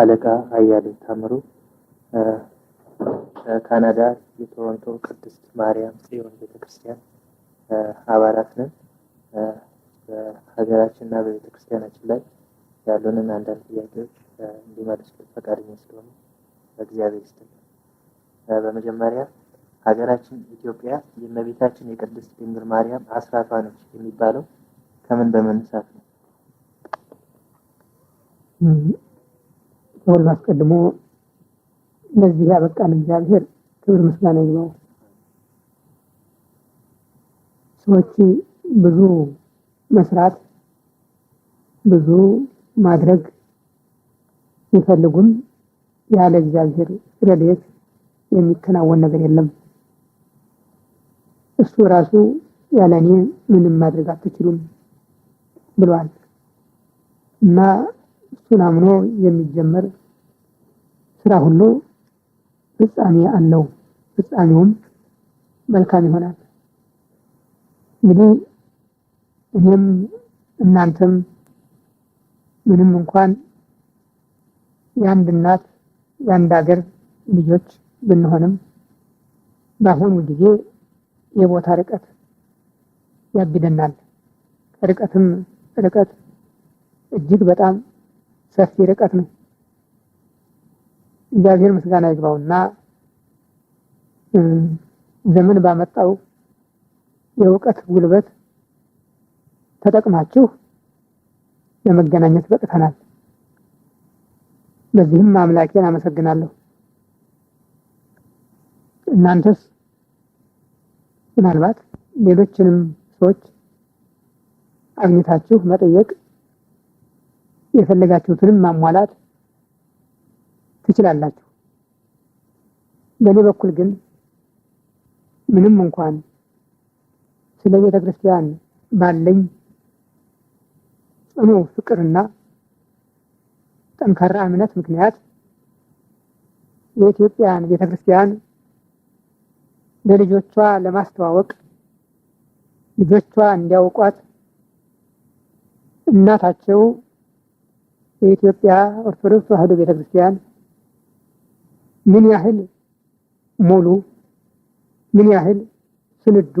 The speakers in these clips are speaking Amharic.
አለቃ አያሌው ታምሩ ከካናዳ የቶሮንቶ ቅድስት ማርያም ጽዮን ቤተክርስቲያን አባላት ነን። በሀገራችን እና በቤተክርስቲያናችን ላይ ያሉንን አንዳንድ ጥያቄዎች እንዲመልሱልን ፈቃደኛ ስለሆኑ በእግዚአብሔር ይስጥልን። በመጀመሪያ ሀገራችን ኢትዮጵያ የእመቤታችን የቅድስት ድንግል ማርያም አስራቷ ነች የሚባለው ከምን በመነሳት ነው? ከሁሉ አስቀድሞ ለዚህ ያበቃን እግዚአብሔር ክብር ምስጋና ይግባው። ሰዎች ብዙ መስራት ብዙ ማድረግ ቢፈልጉም ያለ እግዚአብሔር ረድኤት የሚከናወን ነገር የለም። እሱ ራሱ ያለ እኔ ምንም ማድረግ አትችሉም ብሏል እና እሱን አምኖ የሚጀመር ስራ ሁሉ ፍጻሜ አለው፣ ፍጻሜውም መልካም ይሆናል። እንግዲህ እኔም እናንተም ምንም እንኳን የአንድ እናት የአንድ ሀገር ልጆች ብንሆንም በአሁኑ ጊዜ የቦታ ርቀት ያግደናል። ርቀትም ርቀት እጅግ በጣም ሰፊ ርቀት ነው። እግዚአብሔር ምስጋና ይግባውና ዘመን ባመጣው የእውቀት ጉልበት ተጠቅማችሁ ለመገናኘት በቅተናል። በዚህም አምላኬን አመሰግናለሁ። እናንተስ ምናልባት ሌሎችንም ሰዎች አግኝታችሁ መጠየቅ የፈለጋችሁትንም ማሟላት ትችላላችሁ። በእኔ በኩል ግን ምንም እንኳን ስለ ቤተ ክርስቲያን ባለኝ ጽኑ ፍቅርና ጠንካራ እምነት ምክንያት የኢትዮጵያን ቤተ ክርስቲያን ለልጆቿ ለማስተዋወቅ ልጆቿ እንዲያውቋት እናታቸው የኢትዮጵያ ኦርቶዶክስ ተዋሕዶ ቤተ ክርስቲያን ምን ያህል ሙሉ ምን ያህል ስንዱ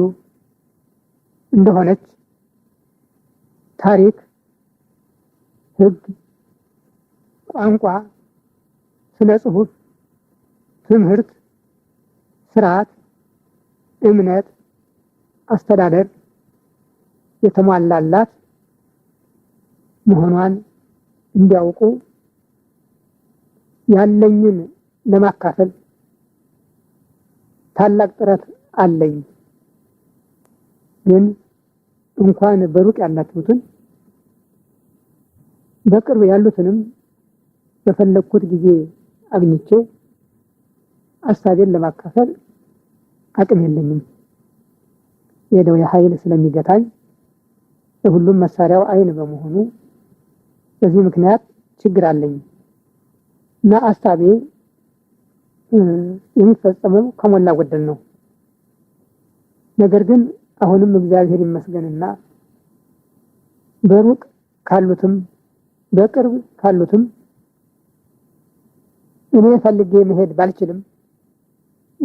እንደሆነች ታሪክ፣ ሕግ፣ ቋንቋ፣ ስነ ጽሁፍ፣ ትምህርት፣ ስርዓት፣ እምነት፣ አስተዳደር የተሟላላት መሆኗን እንዲያውቁ ያለኝን ለማካፈል ታላቅ ጥረት አለኝ። ግን እንኳን በሩቅ ያላችሁትን በቅርብ ያሉትንም በፈለግኩት ጊዜ አግኝቼ አሳቤን ለማካፈል አቅም የለኝም። የደዌ ኃይል ስለሚገታኝ ለሁሉም መሳሪያው አይን በመሆኑ በዚህ ምክንያት ችግር አለኝ እና አሳቤ የሚፈጸመው ከሞላ ጎደል ነው። ነገር ግን አሁንም እግዚአብሔር ይመስገንና በሩቅ ካሉትም በቅርብ ካሉትም እኔ ፈልጌ መሄድ ባልችልም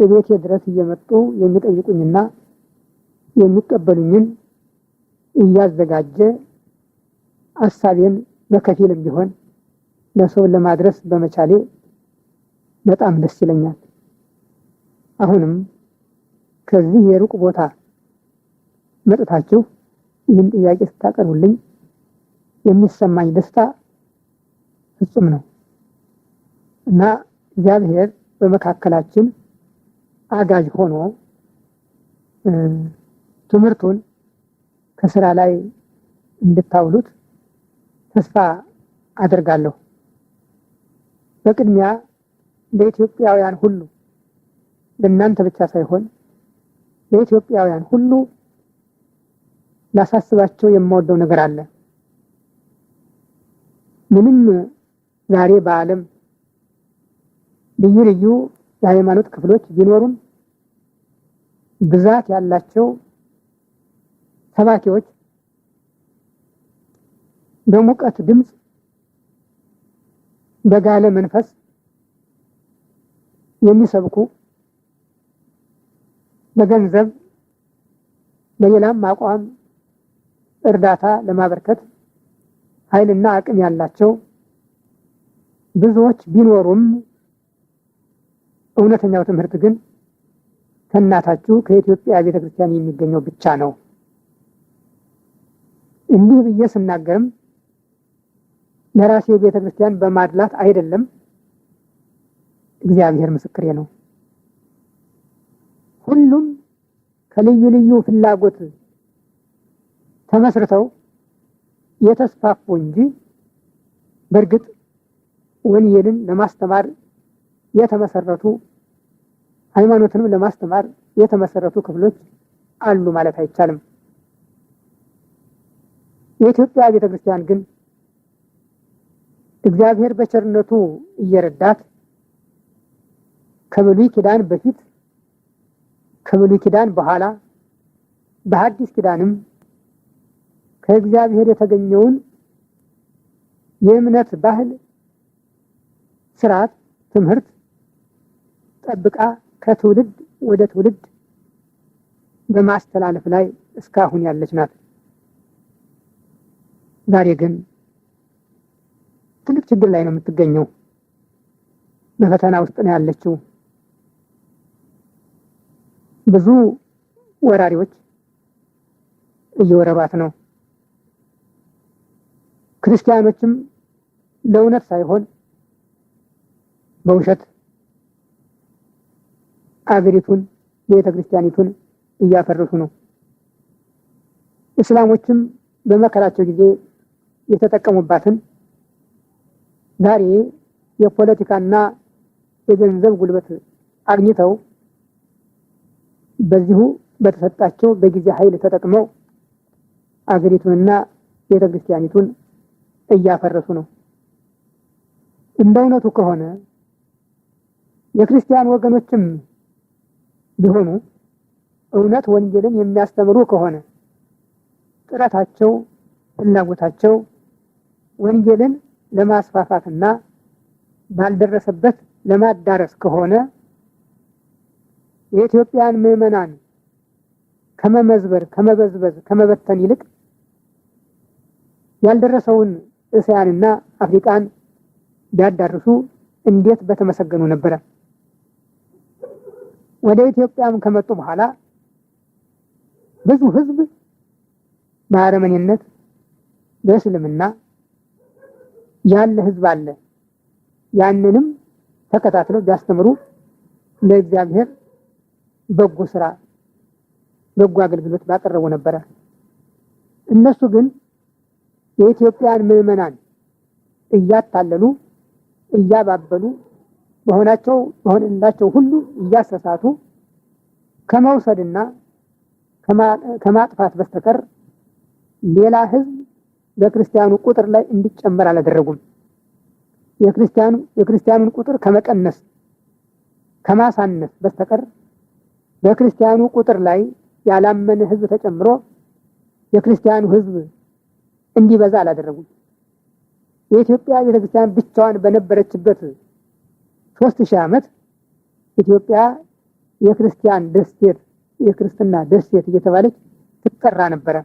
የቤቴ ድረስ እየመጡ የሚጠይቁኝና የሚቀበሉኝን እያዘጋጀ አሳቤን በከፊልም ቢሆን ለሰው ለማድረስ በመቻሌ በጣም ደስ ይለኛል። አሁንም ከዚህ የሩቅ ቦታ መጥታችሁ ይህን ጥያቄ ስታቀርቡልኝ የሚሰማኝ ደስታ ፍጹም ነው እና እግዚአብሔር በመካከላችን አጋዥ ሆኖ ትምህርቱን ከስራ ላይ እንድታውሉት ተስፋ አደርጋለሁ። በቅድሚያ ለኢትዮጵያውያን ሁሉ ለእናንተ ብቻ ሳይሆን ለኢትዮጵያውያን ሁሉ ላሳስባቸው የማወደው ነገር አለ። ምንም ዛሬ በዓለም ልዩ ልዩ የሃይማኖት ክፍሎች ቢኖሩም ብዛት ያላቸው ሰባኪዎች በሙቀት ድምፅ በጋለ መንፈስ የሚሰብኩ በገንዘብ በሌላም አቋም እርዳታ ለማበርከት ኃይልና አቅም ያላቸው ብዙዎች ቢኖሩም እውነተኛው ትምህርት ግን ከእናታችሁ ከኢትዮጵያ ቤተክርስቲያን የሚገኘው ብቻ ነው። እንዲህ ብዬ ስናገርም ለራሴ ቤተክርስቲያን በማድላት አይደለም እግዚአብሔር ምስክሬ ነው። ሁሉም ከልዩ ልዩ ፍላጎት ተመስርተው የተስፋፉ እንጂ በእርግጥ ወንጌልን ለማስተማር የተመሰረቱ ሃይማኖትንም ለማስተማር የተመሰረቱ ክፍሎች አሉ ማለት አይቻልም። የኢትዮጵያ ቤተክርስቲያን ግን እግዚአብሔር በቸርነቱ እየረዳት ከብሉይ ኪዳን በፊት ከብሉይ ኪዳን በኋላ በሐዲስ ኪዳንም ከእግዚአብሔር የተገኘውን የእምነት ባህል፣ ስርዓት፣ ትምህርት ጠብቃ ከትውልድ ወደ ትውልድ በማስተላለፍ ላይ እስካሁን ያለች ናት። ዛሬ ግን ትልቅ ችግር ላይ ነው የምትገኘው። በፈተና ውስጥ ነው ያለችው። ብዙ ወራሪዎች እየወረባት ነው። ክርስቲያኖችም ለእውነት ሳይሆን በውሸት አገሪቱን ቤተ ክርስቲያኒቱን እያፈረሱ ነው። እስላሞችም በመከራቸው ጊዜ የተጠቀሙባትን ዛሬ የፖለቲካና የገንዘብ ጉልበት አግኝተው በዚሁ በተሰጣቸው በጊዜ ኃይል ተጠቅመው አገሪቱንና ቤተ ክርስቲያኒቱን እያፈረሱ ነው። እንደ እውነቱ ከሆነ የክርስቲያን ወገኖችም ቢሆኑ እውነት ወንጌልን የሚያስተምሩ ከሆነ ጥረታቸው፣ ፍላጎታቸው ወንጌልን ለማስፋፋትና ባልደረሰበት ለማዳረስ ከሆነ የኢትዮጵያን ምዕመናን ከመመዝበር፣ ከመበዝበዝ፣ ከመበተን ይልቅ ያልደረሰውን እስያንና አፍሪቃን ቢያዳርሱ እንዴት በተመሰገኑ ነበረ። ወደ ኢትዮጵያም ከመጡ በኋላ ብዙ ህዝብ በአረመኔነት በእስልምና ያለ ህዝብ አለ። ያንንም ተከታትለው ቢያስተምሩ ለእግዚአብሔር በጎ ስራ በጎ አገልግሎት ባቀረቡ ነበረ። እነሱ ግን የኢትዮጵያን ምዕመናን እያታለሉ እያባበሉ በሆናቸው በሆነላቸው ሁሉ እያሰሳቱ ከመውሰድና ከማጥፋት በስተቀር ሌላ ህዝብ በክርስቲያኑ ቁጥር ላይ እንዲጨመር አላደረጉም። የክርስቲያኑ የክርስቲያኑን ቁጥር ከመቀነስ ከማሳነስ በስተቀር በክርስቲያኑ ቁጥር ላይ ያላመነ ህዝብ ተጨምሮ የክርስቲያኑ ህዝብ እንዲበዛ አላደረጉም። የኢትዮጵያ ቤተክርስቲያን ብቻዋን በነበረችበት ሶስት ሺህ ዓመት ኢትዮጵያ የክርስቲያን ደሴት የክርስትና ደሴት እየተባለች ትጠራ ነበረ።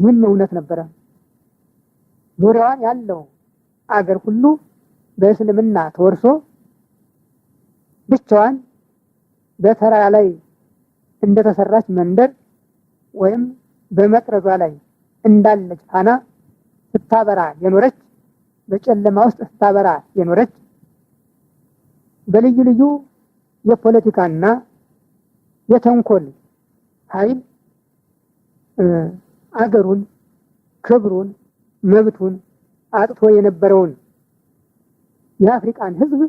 ይህም እውነት ነበረ። ዙሪያዋን ያለው አገር ሁሉ በእስልምና ተወርሶ ብቻዋን በተራ ላይ እንደተሰራች መንደር ወይም በመቅረዟ ላይ እንዳለች ፋና ስታበራ የኖረች በጨለማ ውስጥ ስታበራ የኖረች በልዩ ልዩ የፖለቲካና የተንኮል ኃይል አገሩን፣ ክብሩን፣ መብቱን አጥቶ የነበረውን የአፍሪቃን ሕዝብ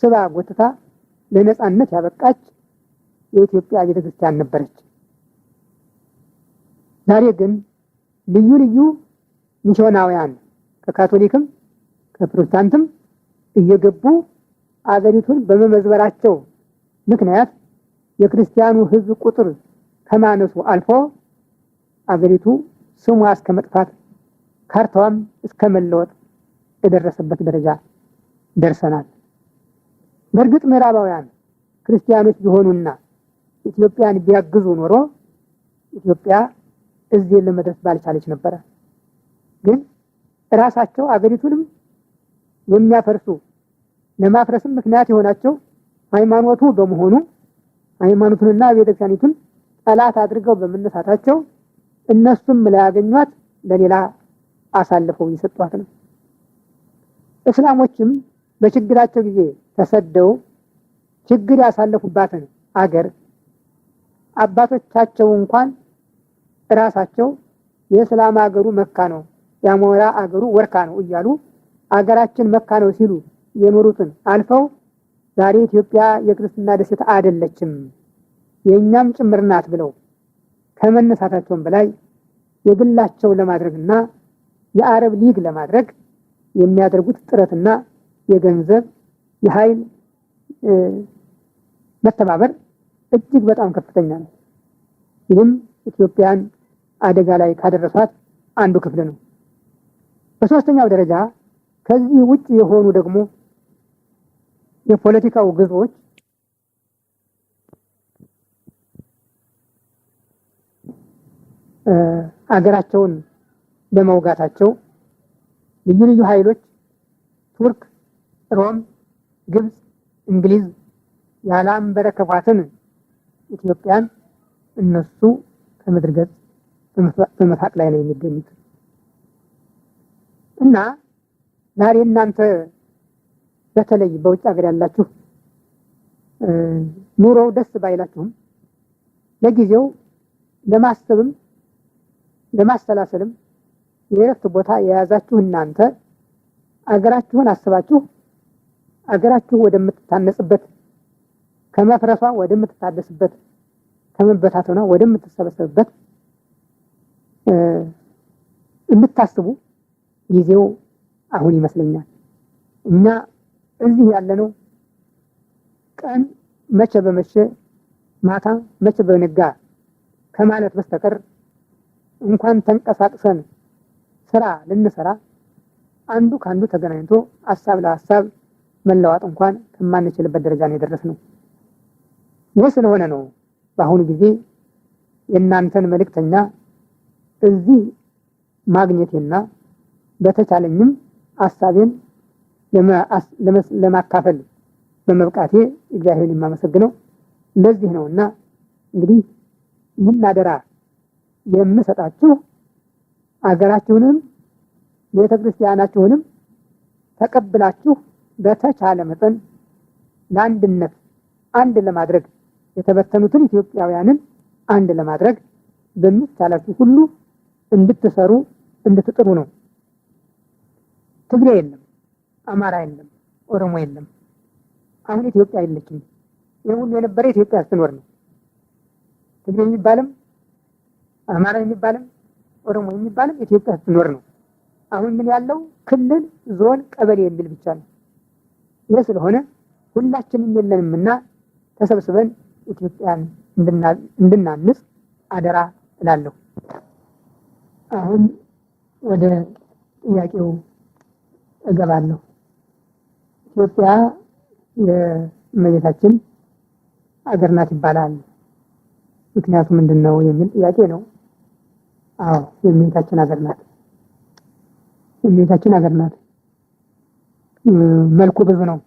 ስባ ጎትታ ለነጻነት ያበቃች የኢትዮጵያ ቤተክርስቲያን ነበረች። ዛሬ ግን ልዩ ልዩ ሚስዮናውያን ከካቶሊክም ከፕሮቴስታንትም እየገቡ አገሪቱን በመመዝበራቸው ምክንያት የክርስቲያኑ ሕዝብ ቁጥር ከማነሱ አልፎ አገሪቱ ስሟ እስከ መጥፋት ካርታዋም እስከ መለወጥ የደረሰበት ደረጃ ደርሰናል። በእርግጥ ምዕራባውያን ክርስቲያኖች ቢሆኑና ኢትዮጵያን ቢያግዙ ኖሮ ኢትዮጵያ እዚህ ለመድረስ ባልቻለች ነበረ። ግን እራሳቸው አገሪቱንም የሚያፈርሱ ለማፍረስም ምክንያት የሆናቸው ሃይማኖቱ በመሆኑ ሃይማኖቱንና ቤተክርስቲያኒቱን ጠላት አድርገው በመነሳታቸው እነሱም ላያገኟት ለሌላ አሳልፈው የሰጧት ነው። እስላሞችም በችግራቸው ጊዜ ተሰደው ችግር ያሳለፉባትን አገር አባቶቻቸው እንኳን እራሳቸው የእስላም አገሩ መካ ነው፣ የአሞራ አገሩ ወርካ ነው እያሉ አገራችን መካ ነው ሲሉ የኖሩትን አልፈው ዛሬ ኢትዮጵያ የክርስትና ደሴት አይደለችም የእኛም ጭምር ናት ብለው ከመነሳታቸውን በላይ የግላቸው ለማድረግና የአረብ ሊግ ለማድረግ የሚያደርጉት ጥረትና የገንዘብ የኃይል መተባበር እጅግ በጣም ከፍተኛ ነው። ይህም ኢትዮጵያን አደጋ ላይ ካደረሷት አንዱ ክፍል ነው። በሶስተኛው ደረጃ ከዚህ ውጭ የሆኑ ደግሞ የፖለቲካው ግዞች አገራቸውን በመውጋታቸው ልዩ ልዩ ኃይሎች ቱርክ፣ ሮም፣ ግብፅ፣ እንግሊዝ ያላምበረከቧትን ኢትዮጵያን እነሱ ከምድር ገጽ በመፋቅ ላይ ነው የሚገኙት እና ዛሬ እናንተ በተለይ በውጭ ሀገር ያላችሁ ኑሮው ደስ ባይላችሁም ለጊዜው ለማሰብም ለማሰላሰልም የእረፍት ቦታ የያዛችሁ እናንተ አገራችሁን አስባችሁ አገራችሁ ወደምትታነጽበት ከመፍረሷ ወደምትታደስበት ከመበታተኗ ወደምትሰበሰብበት እንድታስቡ ጊዜው አሁን ይመስለኛል። እኛ እዚህ ያለነው ቀን መቼ በመቼ ማታ መቼ በነጋ ከማለት በስተቀር እንኳን ተንቀሳቅሰን ስራ ልንሰራ አንዱ ከአንዱ ተገናኝቶ ሀሳብ ለሀሳብ መለዋጥ እንኳን ከማንችልበት ደረጃ ነው የደረስነው። ይህ ስለሆነ ነው በአሁኑ ጊዜ የእናንተን መልእክተኛ እዚህ ማግኘቴና በተቻለኝም አሳቤን ለማካፈል በመብቃቴ እግዚአብሔር የማመሰግነው ለዚህ ነው እና እንግዲህ ይህን አደራ የምሰጣችሁ አገራችሁንም ቤተ ክርስቲያናችሁንም ተቀብላችሁ በተቻለ መጠን ለአንድነት አንድ ለማድረግ የተበተኑትን ኢትዮጵያውያንን አንድ ለማድረግ በሚቻላችሁ ሁሉ እንድትሰሩ እንድትጥሩ ነው። ትግሬ የለም፣ አማራ የለም፣ ኦሮሞ የለም። አሁን ኢትዮጵያ የለችም። ይህ ሁሉ የነበረ ኢትዮጵያ ስትኖር ነው። ትግሬ የሚባልም አማራ የሚባልም ኦሮሞ የሚባልም ኢትዮጵያ ስትኖር ነው። አሁን ምን ያለው ክልል፣ ዞን፣ ቀበሌ የሚል ብቻ ነው። ይህ ስለሆነ ሁላችንም የለንምና ተሰብስበን ኢትዮጵያን እንድናንስ አደራ እላለሁ። አሁን ወደ ጥያቄው እገባለሁ። ኢትዮጵያ የእመቤታችን አገር ናት ይባላል። ምክንያቱ ምንድን ነው የሚል ጥያቄ ነው። አዎ የእመቤታችን አገር ናት። የእመቤታችን አገር ናት። መልኩ ብዙ ነው።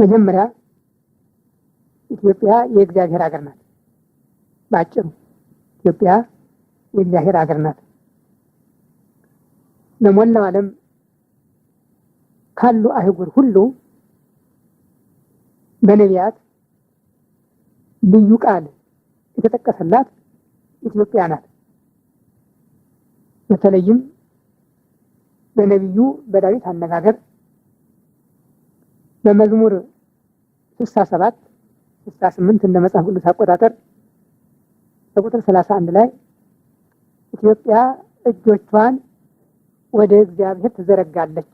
መጀመሪያ ኢትዮጵያ የእግዚአብሔር ሀገር ናት። ባጭሩ ኢትዮጵያ የእግዚአብሔር ሀገር ናት። ለሞላው ዓለም ካሉ አህጉር ሁሉ በነቢያት ልዩ ቃል የተጠቀሰላት ኢትዮጵያ ናት። በተለይም በነቢዩ በዳዊት አነጋገር በመዝሙር ስልሳ ሰባት 68 እንደ መጽሐፍ ቅዱስ አቆጣጠር በቁጥር 31 ላይ ኢትዮጵያ እጆቿን ወደ እግዚአብሔር ትዘረጋለች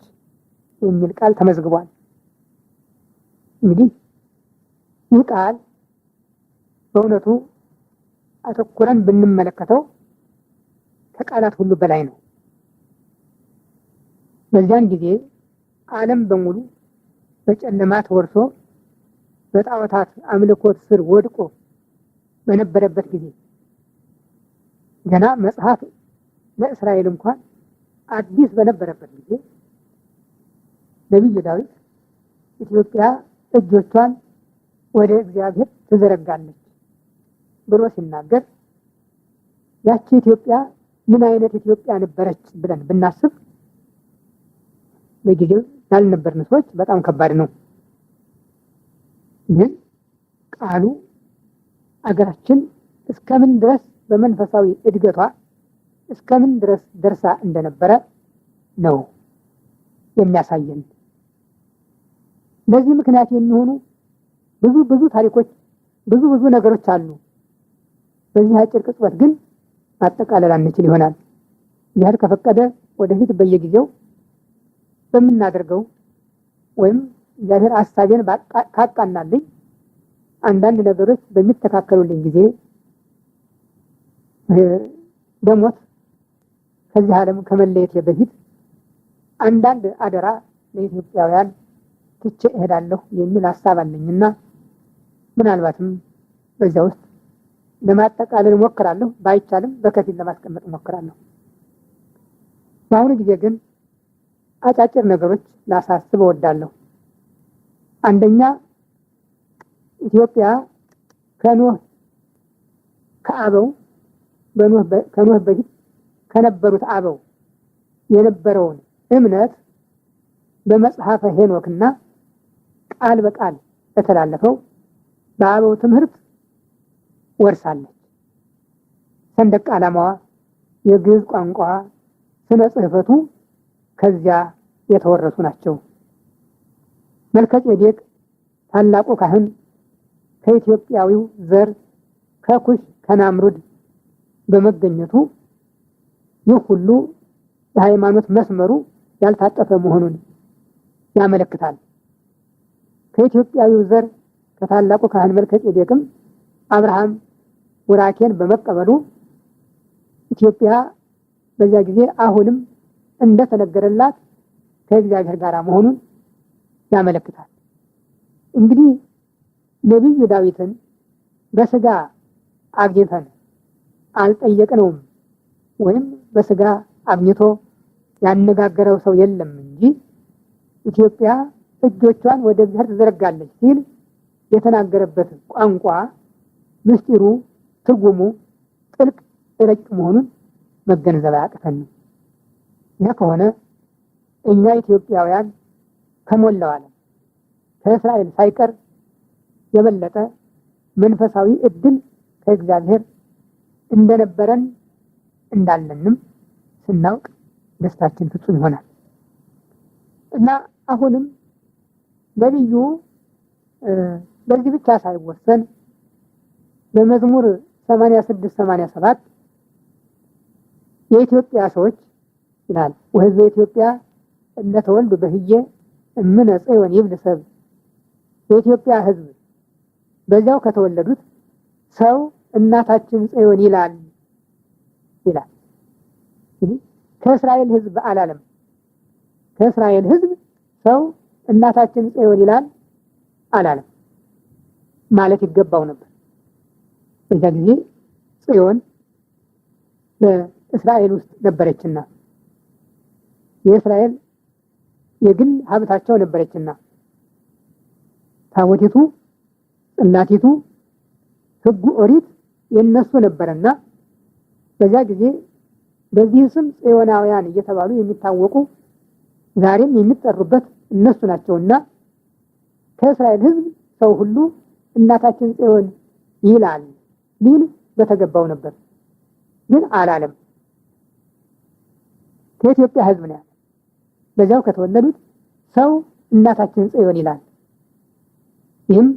የሚል ቃል ተመዝግቧል። እንግዲህ ይህ ቃል በእውነቱ አተኩረን ብንመለከተው ከቃላት ሁሉ በላይ ነው። በዚያን ጊዜ ዓለም በሙሉ በጨለማ ተወርሶ በጣዖታት አምልኮት ስር ወድቆ በነበረበት ጊዜ ገና መጽሐፍ ለእስራኤል እንኳን አዲስ በነበረበት ጊዜ ነቢዩ ዳዊት ኢትዮጵያ እጆቿን ወደ እግዚአብሔር ትዘረጋለች ብሎ ሲናገር ያቺ ኢትዮጵያ ምን አይነት ኢትዮጵያ ነበረች ብለን ብናስብ በጊዜው ያልነበርን ሰዎች በጣም ከባድ ነው። ግን ቃሉ አገራችን እስከምን ድረስ በመንፈሳዊ እድገቷ እስከምን ድረስ ደርሳ እንደነበረ ነው የሚያሳየን። ለዚህ ምክንያት የሚሆኑ ብዙ ብዙ ታሪኮች፣ ብዙ ብዙ ነገሮች አሉ። በዚህ አጭር ቅጽበት ግን ማጠቃለል አንችል ይሆናል። እግዚአብሔር ከፈቀደ ወደፊት በየጊዜው በምናደርገው ወይም እግዚአብሔር አሳቤን ካቃናልኝ አንዳንድ ነገሮች በሚተካከሉልኝ ጊዜ በሞት ከዚህ ዓለም ከመለየት በፊት አንዳንድ አደራ ለኢትዮጵያውያን ትቼ እሄዳለሁ የሚል ሀሳብ አለኝና ምናልባትም በዚያ ውስጥ ለማጠቃለል እሞክራለሁ። ባይቻልም በከፊል ለማስቀመጥ እሞክራለሁ። በአሁኑ ጊዜ ግን አጫጭር ነገሮች ላሳስብ እወዳለሁ። አንደኛ ኢትዮጵያ ከኖህ ከአበው ከኖህ በፊት ከነበሩት አበው የነበረውን እምነት በመጽሐፈ ሄኖክና ቃል በቃል በተላለፈው በአበው ትምህርት ወርሳለች። ሰንደቅ ዓላማዋ፣ የግዕዝ ቋንቋ፣ ስነ ጽህፈቱ ከዚያ የተወረሱ ናቸው። መልከጼዴቅ ታላቁ ካህን ከኢትዮጵያዊው ዘር ከኩሽ ከናምሩድ በመገኘቱ ይህ ሁሉ የሃይማኖት መስመሩ ያልታጠፈ መሆኑን ያመለክታል። ከኢትዮጵያዊው ዘር ከታላቁ ካህን መልከጼዴቅም አብርሃም ውራኬን በመቀበሉ ኢትዮጵያ በዚያ ጊዜ አሁንም እንደተነገረላት ከእግዚአብሔር ጋር መሆኑን ያመለክታል። እንግዲህ ነቢዩ ዳዊትን በስጋ አግኝተን አልጠየቅነውም ወይም በስጋ አግኝቶ ያነጋገረው ሰው የለም እንጂ ኢትዮጵያ እጆቿን ወደ እግዚአብሔር ትዘረጋለች ሲል የተናገረበት ቋንቋ ምስጢሩ፣ ትርጉሙ ጥልቅ ረጭ መሆኑን መገንዘብ አያቅተን ነው። ይህ ከሆነ እኛ ኢትዮጵያውያን ከሞላው ዓለም ከእስራኤል ሳይቀር የበለጠ መንፈሳዊ እድል ከእግዚአብሔር እንደነበረን እንዳለንም ስናውቅ ደስታችን ፍጹም ይሆናል እና አሁንም ነቢዩ በዚህ ብቻ ሳይወሰን በመዝሙር 86 87 የኢትዮጵያ ሰዎች ይላል ወህዝበ ኢትዮጵያ እንደተወልዱ በህዬ እምነ ጽዮን ይብል ሰብ የኢትዮጵያ ሕዝብ በዚያው ከተወለዱት ሰው እናታችን ጽዮን ይላል ይላል። ከእስራኤል ሕዝብ አላለም። ከእስራኤል ሕዝብ ሰው እናታችን ጽዮን ይላል አላለም። ማለት ይገባው ነበር። በዛ ጊዜ ጽዮን በእስራኤል ውስጥ ነበረችና የእስራኤል የግል ሀብታቸው ነበረችና ታቦቲቱ፣ ጽላቲቱ፣ ፣ህጉ ኦሪት የነሱ ነበረና በዚያ ጊዜ በዚህ ስም ጽዮናውያን እየተባሉ የሚታወቁ ዛሬም የሚጠሩበት እነሱ ናቸውና ከእስራኤል ህዝብ ሰው ሁሉ እናታችን ጽዮን ይላል ሊል በተገባው ነበር፣ ግን አላለም። ከኢትዮጵያ ህዝብ ነው። በዚያው ከተወለዱት ሰው እናታችን ጽዮን ይላል። ይህም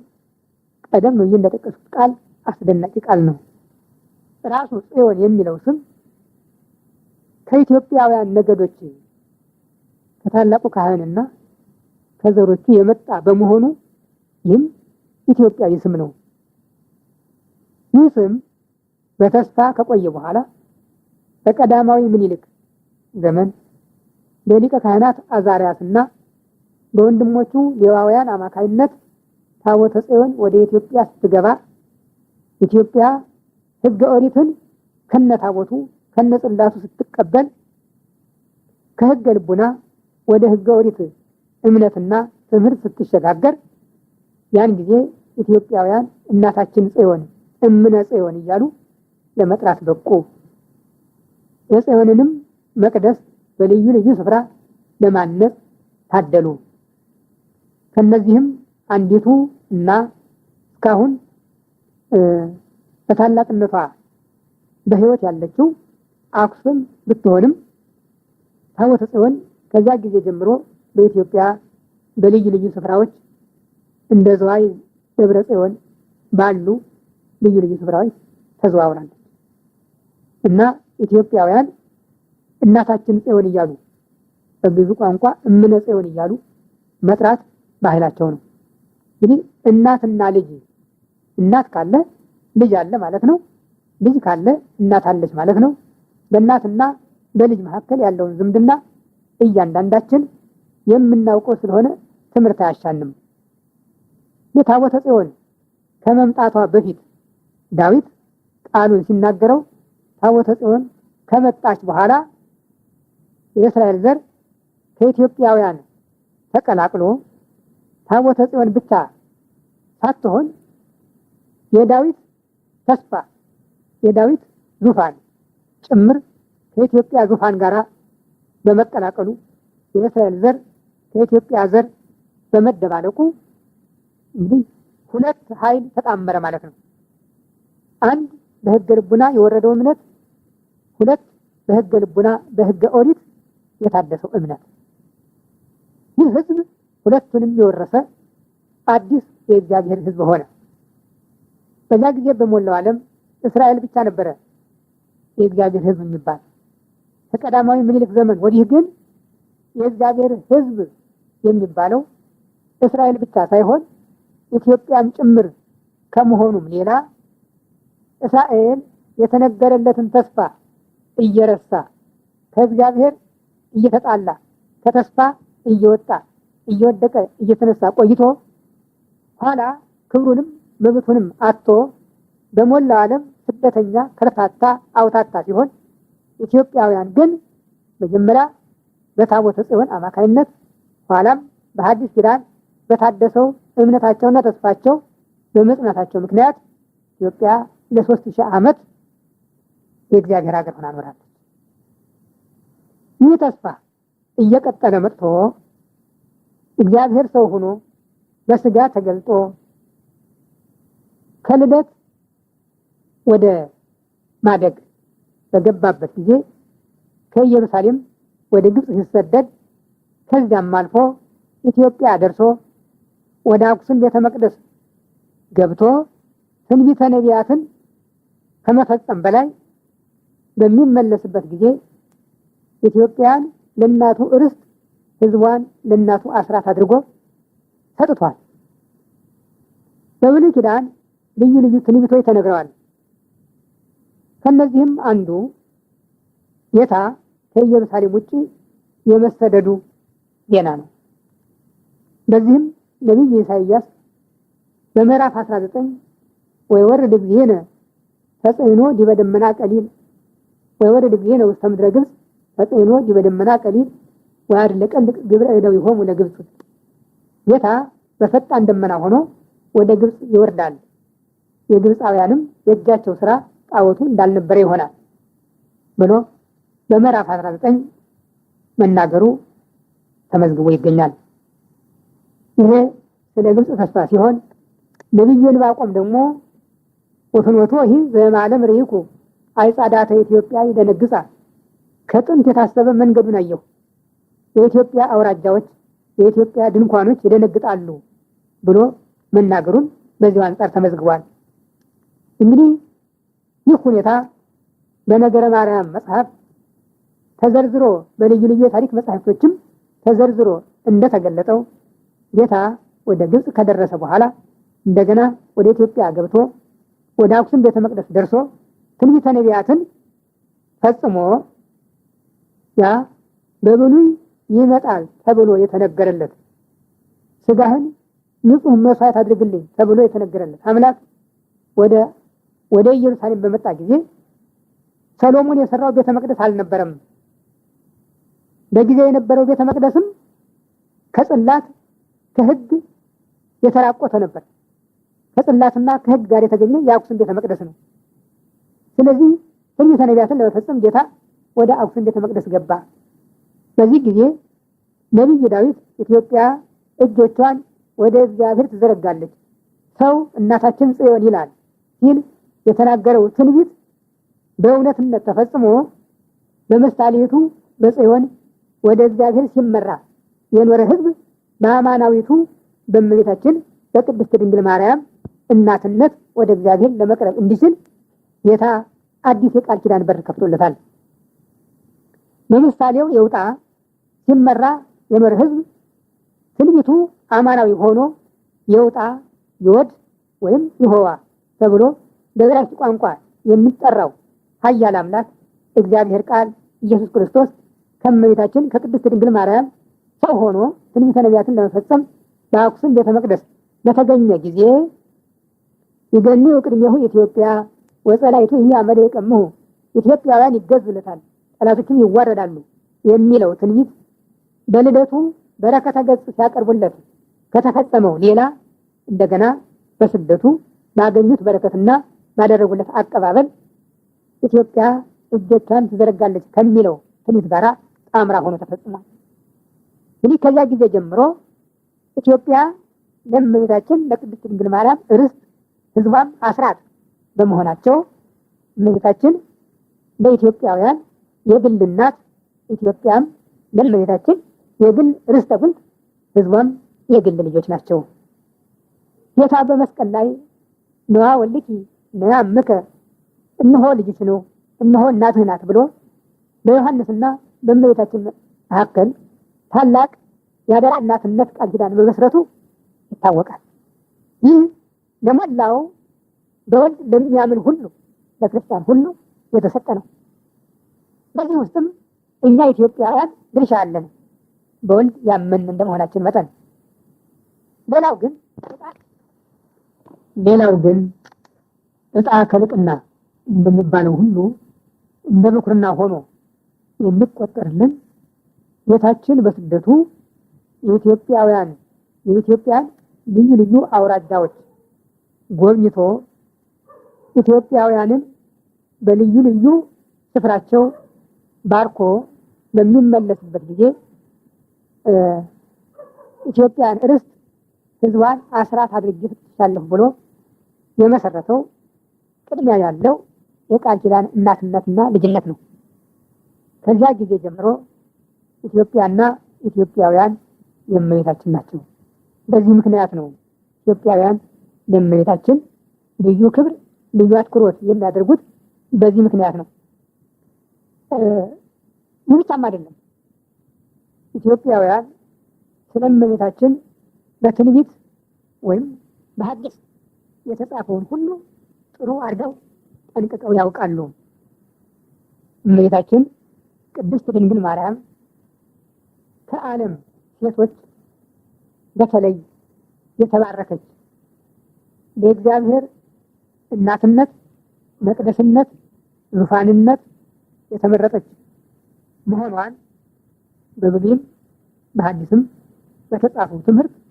ቀደም ብዬ እንደጠቀስኩት ቃል አስደናቂ ቃል ነው። ራሱ ጽዮን የሚለው ስም ከኢትዮጵያውያን ነገዶች ከታላቁ ካህንና ከዘሮቹ የመጣ በመሆኑ ይህም ኢትዮጵያዊ ስም ነው። ይህ ስም በተስፋ ከቆየ በኋላ በቀዳማዊ ምኒልክ ዘመን በሊቀ ካህናት አዛርያስና በወንድሞቹ ሌዋውያን አማካይነት ታቦተ ጽዮን ወደ ኢትዮጵያ ስትገባ ኢትዮጵያ ሕገ ኦሪትን ከነ ታቦቱ ከነ ጽላቱ ስትቀበል ከሕገ ልቡና ወደ ሕገ ኦሪት እምነትና ትምህርት ስትሸጋገር ያን ጊዜ ኢትዮጵያውያን እናታችን ጽዮን እምነ ጽዮን እያሉ ለመጥራት በቁ የጽዮንንም መቅደስ በልዩ ልዩ ስፍራ ለማነጽ ታደሉ። ከነዚህም አንዲቱ እና እስካሁን በታላቅነቷ በህይወት ያለችው አክሱም ብትሆንም ታቦተ ጽዮን ከዚያ ጊዜ ጀምሮ በኢትዮጵያ በልዩ ልዩ ስፍራዎች እንደ ዝዋይ ደብረ ጽዮን ባሉ ልዩ ልዩ ስፍራዎች ተዘዋውራለች እና ኢትዮጵያውያን እናታችን ጽዮን እያሉ በግዕዝ ቋንቋ እምነ ጽዮን እያሉ መጥራት ባህላቸው ነው። እንግዲህ እናትና ልጅ እናት ካለ ልጅ አለ ማለት ነው። ልጅ ካለ እናት አለች ማለት ነው። በእናትና በልጅ መካከል ያለውን ዝምድና እያንዳንዳችን የምናውቀው ስለሆነ ትምህርት አያሻንም። የታቦተ ጽዮን ከመምጣቷ በፊት ዳዊት ቃሉን ሲናገረው ታቦተ ጽዮን ከመጣች በኋላ የእስራኤል ዘር ከኢትዮጵያውያን ተቀላቅሎ ታቦተ ጽዮን ብቻ ሳትሆን የዳዊት ተስፋ የዳዊት ዙፋን ጭምር ከኢትዮጵያ ዙፋን ጋር በመቀላቀሉ የእስራኤል ዘር ከኢትዮጵያ ዘር በመደባለቁ እንግዲህ ሁለት ኃይል ተጣመረ ማለት ነው። አንድ በሕገ ልቡና የወረደው እምነት፣ ሁለት በሕገ ልቡና በሕገ ኦሪት የታደሰው እምነት ይህ ህዝብ ሁለቱንም የወረሰ አዲስ የእግዚአብሔር ህዝብ ሆነ። በዛ ጊዜ በሞላው ዓለም እስራኤል ብቻ ነበረ የእግዚአብሔር ህዝብ የሚባል። ከቀዳማዊ ምኒልክ ዘመን ወዲህ ግን የእግዚአብሔር ህዝብ የሚባለው እስራኤል ብቻ ሳይሆን ኢትዮጵያም ጭምር ከመሆኑም ሌላ እስራኤል የተነገረለትን ተስፋ እየረሳ ከእግዚአብሔር እየተጣላ ከተስፋ እየወጣ እየወደቀ እየተነሳ ቆይቶ ኋላ ክብሩንም መብቱንም አጥቶ በሞላ ዓለም ስደተኛ ከርታታ አውታታ ሲሆን ኢትዮጵያውያን ግን መጀመሪያ በታቦተ ጽዮን አማካኝነት ኋላም በሐዲስ ኪዳን በታደሰው እምነታቸውና ተስፋቸው በመጽናታቸው ምክንያት ኢትዮጵያ ለሶስት ሺህ ዓመት የእግዚአብሔር ሀገር ሆና ኖራለች። ይህ ተስፋ እየቀጠለ መጥቶ እግዚአብሔር ሰው ሆኖ በስጋ ተገልጦ ከልደት ወደ ማደግ በገባበት ጊዜ ከኢየሩሳሌም ወደ ግብፅ ሲሰደድ ከዚያም አልፎ ኢትዮጵያ ደርሶ ወደ አክሱም ቤተ መቅደስ ገብቶ ትንቢተ ነቢያትን ከመፈጸም በላይ በሚመለስበት ጊዜ ኢትዮጵያን ለእናቱ እርስት፣ ህዝቧን ለእናቱ አስራት አድርጎ ሰጥቷል። በብሉይ ኪዳን ልዩ ልዩ ትንቢቶች ተነግረዋል። ከእነዚህም አንዱ ጌታ ከኢየሩሳሌም ውጭ የመሰደዱ ዜና ነው። በዚህም ነቢይ ኢሳይያስ በምዕራፍ 19 ወይ ወርድ ጊዜነ ተጽዕኖ ዲበ ደመና ቀሊል ወይ ወርድ ጊዜነ ውስተ ምድረ ግብጽ ፈጥኖ በደመና ቀሊል ወአድለቀ ግብረ እደዊሆሙ ለግብፅ ጌታ በፈጣን ደመና ሆኖ ወደ ግብፅ ይወርዳል። የግብፃውያንም የእጃቸው ስራ ጣዖቱ እንዳልነበረ ይሆናል ብሎ በምዕራፍ 19 መናገሩ ተመዝግቦ ይገኛል። ይሄ ስለ ግብፅ ተስፋ ሲሆን ነቢዩ ዕንባቆም ደግሞ ወፍኖቶ ይህ ዘማለም ርኢኩ አይጻዳተ ኢትዮጵያ ይደነግጻ ከጥንት የታሰበ መንገዱን አየሁ። የኢትዮጵያ አውራጃዎች፣ የኢትዮጵያ ድንኳኖች ይደነግጣሉ ብሎ መናገሩን በዚሁ አንጻር ተመዝግቧል። እንግዲህ ይህ ሁኔታ በነገረ ማርያም መጽሐፍ ተዘርዝሮ በልዩ ልዩ የታሪክ መጽሐፍቶችም ተዘርዝሮ እንደተገለጠው ጌታ ወደ ግብፅ ከደረሰ በኋላ እንደገና ወደ ኢትዮጵያ ገብቶ ወደ አክሱም ቤተ መቅደስ ደርሶ ትንቢተ ነቢያትን ፈጽሞ ያ በብሉይ ይመጣል ተብሎ የተነገረለት ስጋህን ንጹህ መስዋዕት አድርግልኝ ተብሎ የተነገረለት አምላክ ወደ ወደ ኢየሩሳሌም በመጣ ጊዜ ሰሎሞን የሰራው ቤተ መቅደስ አልነበረም። በጊዜ የነበረው ቤተ መቅደስም ከጽላት ከሕግ የተራቆተ ነበር። ከጽላትና ከሕግ ጋር የተገኘ የአክሱም ቤተ መቅደስ ነው። ስለዚህ ትንቢተ ነቢያትን ለመፈጸም ጌታ ወደ አክሱም ቤተ መቅደስ ገባ። በዚህ ጊዜ ነቢይ ዳዊት ኢትዮጵያ እጆቿን ወደ እግዚአብሔር ትዘረጋለች፣ ሰው እናታችን ጽዮን ይላል ሲል የተናገረው ትንቢት በእውነትነት ተፈጽሞ በመስታሌቱ በጽዮን ወደ እግዚአብሔር ሲመራ የኖረ ሕዝብ በአማናዊቱ በእመቤታችን በቅድስት ድንግል ማርያም እናትነት ወደ እግዚአብሔር ለመቅረብ እንዲችል ጌታ አዲስ የቃል ኪዳን በር ከፍቶለታል። በምሳሌው የውጣ ሲመራ የመር ህዝብ ትንቢቱ አማናዊ ሆኖ የውጣ ይወድ ወይም ይሆዋ ተብሎ በዕብራይስጥ ቋንቋ የሚጠራው ኃያል አምላክ እግዚአብሔር ቃል ኢየሱስ ክርስቶስ ከእመቤታችን ከቅድስት ድንግል ማርያም ሰው ሆኖ ትንቢተ ነቢያትን ለመፈጸም በአክሱም ቤተ መቅደስ በተገኘ ጊዜ ይገንዩ ቅድሜሁ ኢትዮጵያ ወጸላይቱ ይህ አመደ የቀምሁ ኢትዮጵያውያን ይገዙለታል ጠላቶችም ይዋረዳሉ የሚለው ትንቢት በልደቱ በረከተ ገጽ ሲያቀርቡለት ከተፈጸመው ሌላ እንደገና በስደቱ ባገኙት በረከትና ባደረጉለት አቀባበል ኢትዮጵያ እጆቿን ትዘረጋለች ከሚለው ትንቢት ጋር ጣምራ ሆኖ ተፈጽሟል። እንግዲህ ከዚያ ጊዜ ጀምሮ ኢትዮጵያ ለእመቤታችን ለቅድስት ድንግል ማርያም ርስት ህዝቧም አስራት በመሆናቸው እመቤታችን ለኢትዮጵያውያን የግል እናት ኢትዮጵያም ለእመቤታችን የግል ርስተ ጉልት፣ ህዝቧም የግል ልጆች ናቸው። ጌታ በመስቀል ላይ ነዋ ወልኪ ምከ እነሆ ልጅሽ ነው እነሆ እናትህ ናት ብሎ በዮሐንስና በእመቤታችን መካከል ታላቅ የአደራ እናትነት ቃል ኪዳን በመስረቱ ይታወቃል። ይህ ለሞላው በወልድ ለሚያምን ሁሉ ለክርስቲያን ሁሉ የተሰጠ ነው። በዚህ ውስጥም እኛ ኢትዮጵያውያን ድርሻ አለን በወልድ ያመን እንደመሆናችን መጠን። ሌላው ግን ሌላው ግን እጣ ከልቅና እንደሚባለው ሁሉ እንደ ምኩርና ሆኖ የሚቆጠርልን ጌታችን በስደቱ የኢትዮጵያውያን የኢትዮጵያን ልዩ ልዩ አውራጃዎች ጎብኝቶ ኢትዮጵያውያንን በልዩ ልዩ ስፍራቸው ባርኮ በሚመለስበት ጊዜ ኢትዮጵያን ርስት ህዝቧን አስራት አድርጌ ሰጥቻለሁ ብሎ የመሰረተው ቅድሚያ ያለው የቃል ኪዳን እናትነትና ልጅነት ነው። ከዚያ ጊዜ ጀምሮ ኢትዮጵያና ኢትዮጵያውያን የእመቤታችን ናቸው። በዚህ ምክንያት ነው ኢትዮጵያውያን ለእመቤታችን ልዩ ክብር፣ ልዩ አትኩሮት የሚያደርጉት በዚህ ምክንያት ነው። ይህ ብቻም አይደለም። ኢትዮጵያውያን ስለ እመቤታችን በትንቢት ወይም በሐዲስ የተጻፈውን ሁሉ ጥሩ አድርገው ጠንቅቀው ያውቃሉ። እመቤታችን ቅድስት ድንግል ማርያም ከዓለም ሴቶች በተለይ የተባረከች ለእግዚአብሔር እናትነት፣ መቅደስነት፣ ዙፋንነት የተመረጠች መሆኗን በብሉይም በሐዲስም በተጻፈው ትምህርት